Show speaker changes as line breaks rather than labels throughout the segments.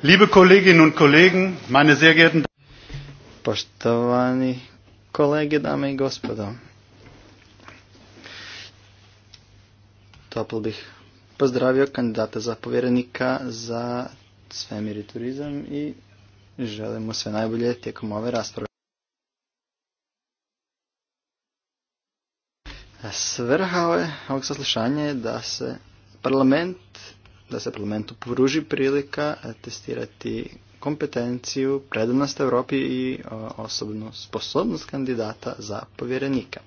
Liebe Kolleginnen und Kollegen, meine sehr geehrten Poštovani kolege, dame i gospodo. Toplo bih pozdravio kandidata za povjerenika za svemir i turizam i želim mu sve najbolje tijekom ove rasprave. Svrha ovog saslušanja je da se parlament da se parlamentu pruži prilika e, testirati kompetenciju, predanost Europi i e, osobnu sposobnost kandidata za povjerenika.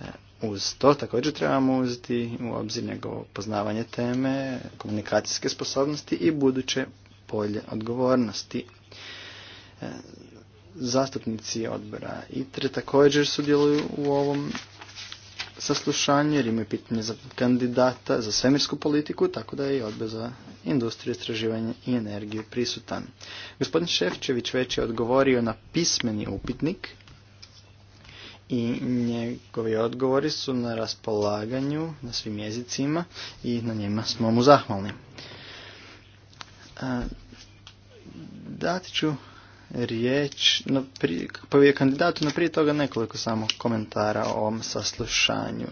E, uz to također trebamo uzeti u obzir njegovo poznavanje teme, komunikacijske sposobnosti i buduće polje odgovornosti. Zastupnici odbora ITRE također sudjeluju u ovom saslušanje jer imaju pitanje za kandidata za svemirsku politiku, tako da je i odbor za industriju, istraživanje i energiju prisutan. Gospodin Šefčević već je odgovorio na pismeni upitnik i njegovi odgovori su na raspolaganju na svim jezicima i na njima smo mu zahvalni. Dati ću riječ no, je kandidatu, no prije toga nekoliko samo komentara o ovom saslušanju.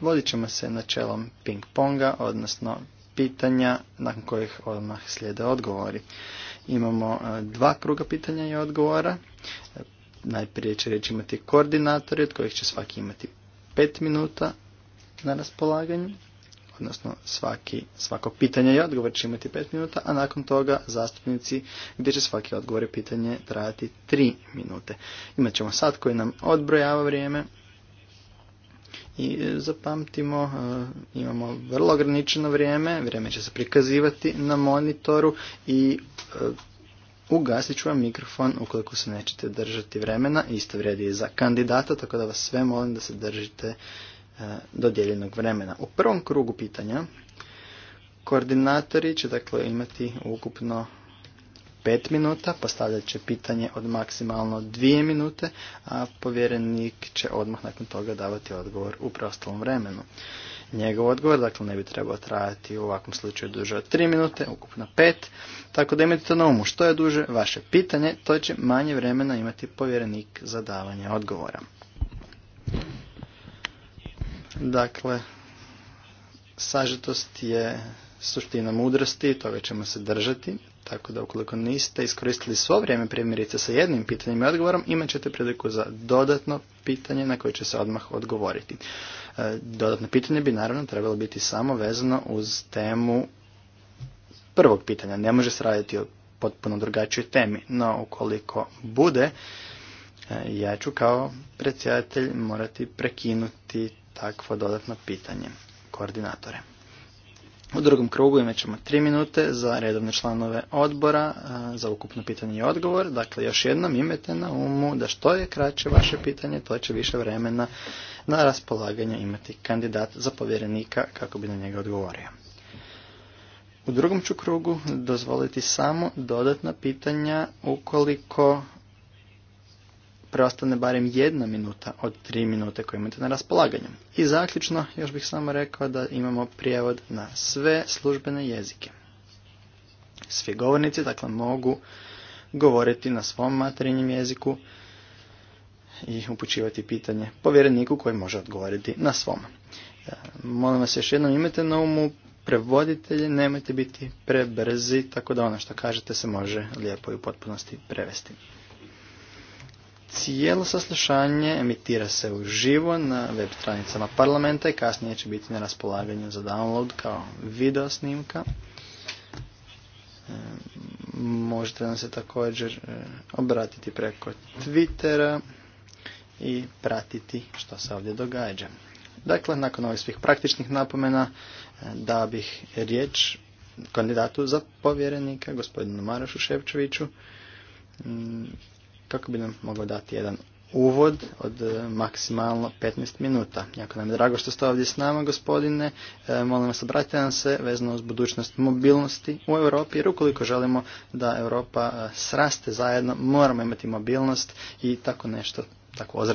Vodit ćemo se načelom ping-ponga, odnosno pitanja nakon kojih odmah slijede odgovori. Imamo e, dva kruga pitanja i odgovora. Najprije će reći imati koordinatori od kojih će svaki imati pet minuta na raspolaganju odnosno svaki, svako pitanje i odgovor će imati 5 minuta, a nakon toga zastupnici gdje će svaki odgovor i pitanje trajati 3 minute. Imat ćemo sat koji nam odbrojava vrijeme i e, zapamtimo, e, imamo vrlo ograničeno vrijeme, vrijeme će se prikazivati na monitoru i e, ugasit ću vam mikrofon ukoliko se nećete držati vremena, isto vrijedi i za kandidata, tako da vas sve molim da se držite E, dodijeljenog vremena. U prvom krugu pitanja koordinatori će dakle imati ukupno 5 minuta, postavljat će pitanje od maksimalno 2 minute, a povjerenik će odmah nakon toga davati odgovor u preostalom vremenu. Njegov odgovor, dakle, ne bi trebao trajati u ovakvom slučaju duže od 3 minute, ukupno 5, tako da imate to na umu što je duže vaše pitanje, to će manje vremena imati povjerenik za davanje odgovora. Dakle, sažetost je suština mudrosti toga ćemo se držati. Tako da ukoliko niste iskoristili svo vrijeme primjerice sa jednim pitanjem i odgovorom, imat ćete priliku za dodatno pitanje na koje će se odmah odgovoriti. E, dodatno pitanje bi naravno trebalo biti samo vezano uz temu prvog pitanja. Ne može se raditi o potpuno drugačijoj temi, no ukoliko bude, e, ja ću kao predsjedatelj morati prekinuti takvo dodatno pitanje koordinatore. U drugom krugu imat ćemo tri minute za redovne članove odbora e, za ukupno pitanje i odgovor. Dakle, još jednom imajte na umu da što je kraće vaše pitanje, to će više vremena na raspolaganju imati kandidat za povjerenika kako bi na njega odgovorio. U drugom ću krugu dozvoliti samo dodatna pitanja ukoliko preostane barem jedna minuta od tri minute koje imate na raspolaganju. I zaključno, još bih samo rekao da imamo prijevod na sve službene jezike. Svi govornici, dakle, mogu govoriti na svom materinjem jeziku i upućivati pitanje povjereniku koji može odgovoriti na svom. E, molim vas još jednom imajte na umu prevoditelje, nemojte biti prebrzi, tako da ono što kažete se može lijepo i u potpunosti prevesti. Cijelo saslušanje emitira se uživo na web stranicama parlamenta i kasnije će biti na raspolaganju za download kao video snimka. E, možete nam se također e, obratiti preko Twittera i pratiti što se ovdje događa. Dakle, nakon ovih svih praktičnih napomena e, da bih riječ kandidatu za povjerenika, gospodinu Marašu Ševčeviću, mm, kako bi nam mogao dati jedan uvod od e, maksimalno 15 minuta. Jako nam je drago što ste ovdje s nama, gospodine. E, molim vas, obratite nam se vezano uz budućnost mobilnosti u Europi, jer ukoliko želimo da Europa e, sraste zajedno, moramo imati mobilnost i tako nešto, tako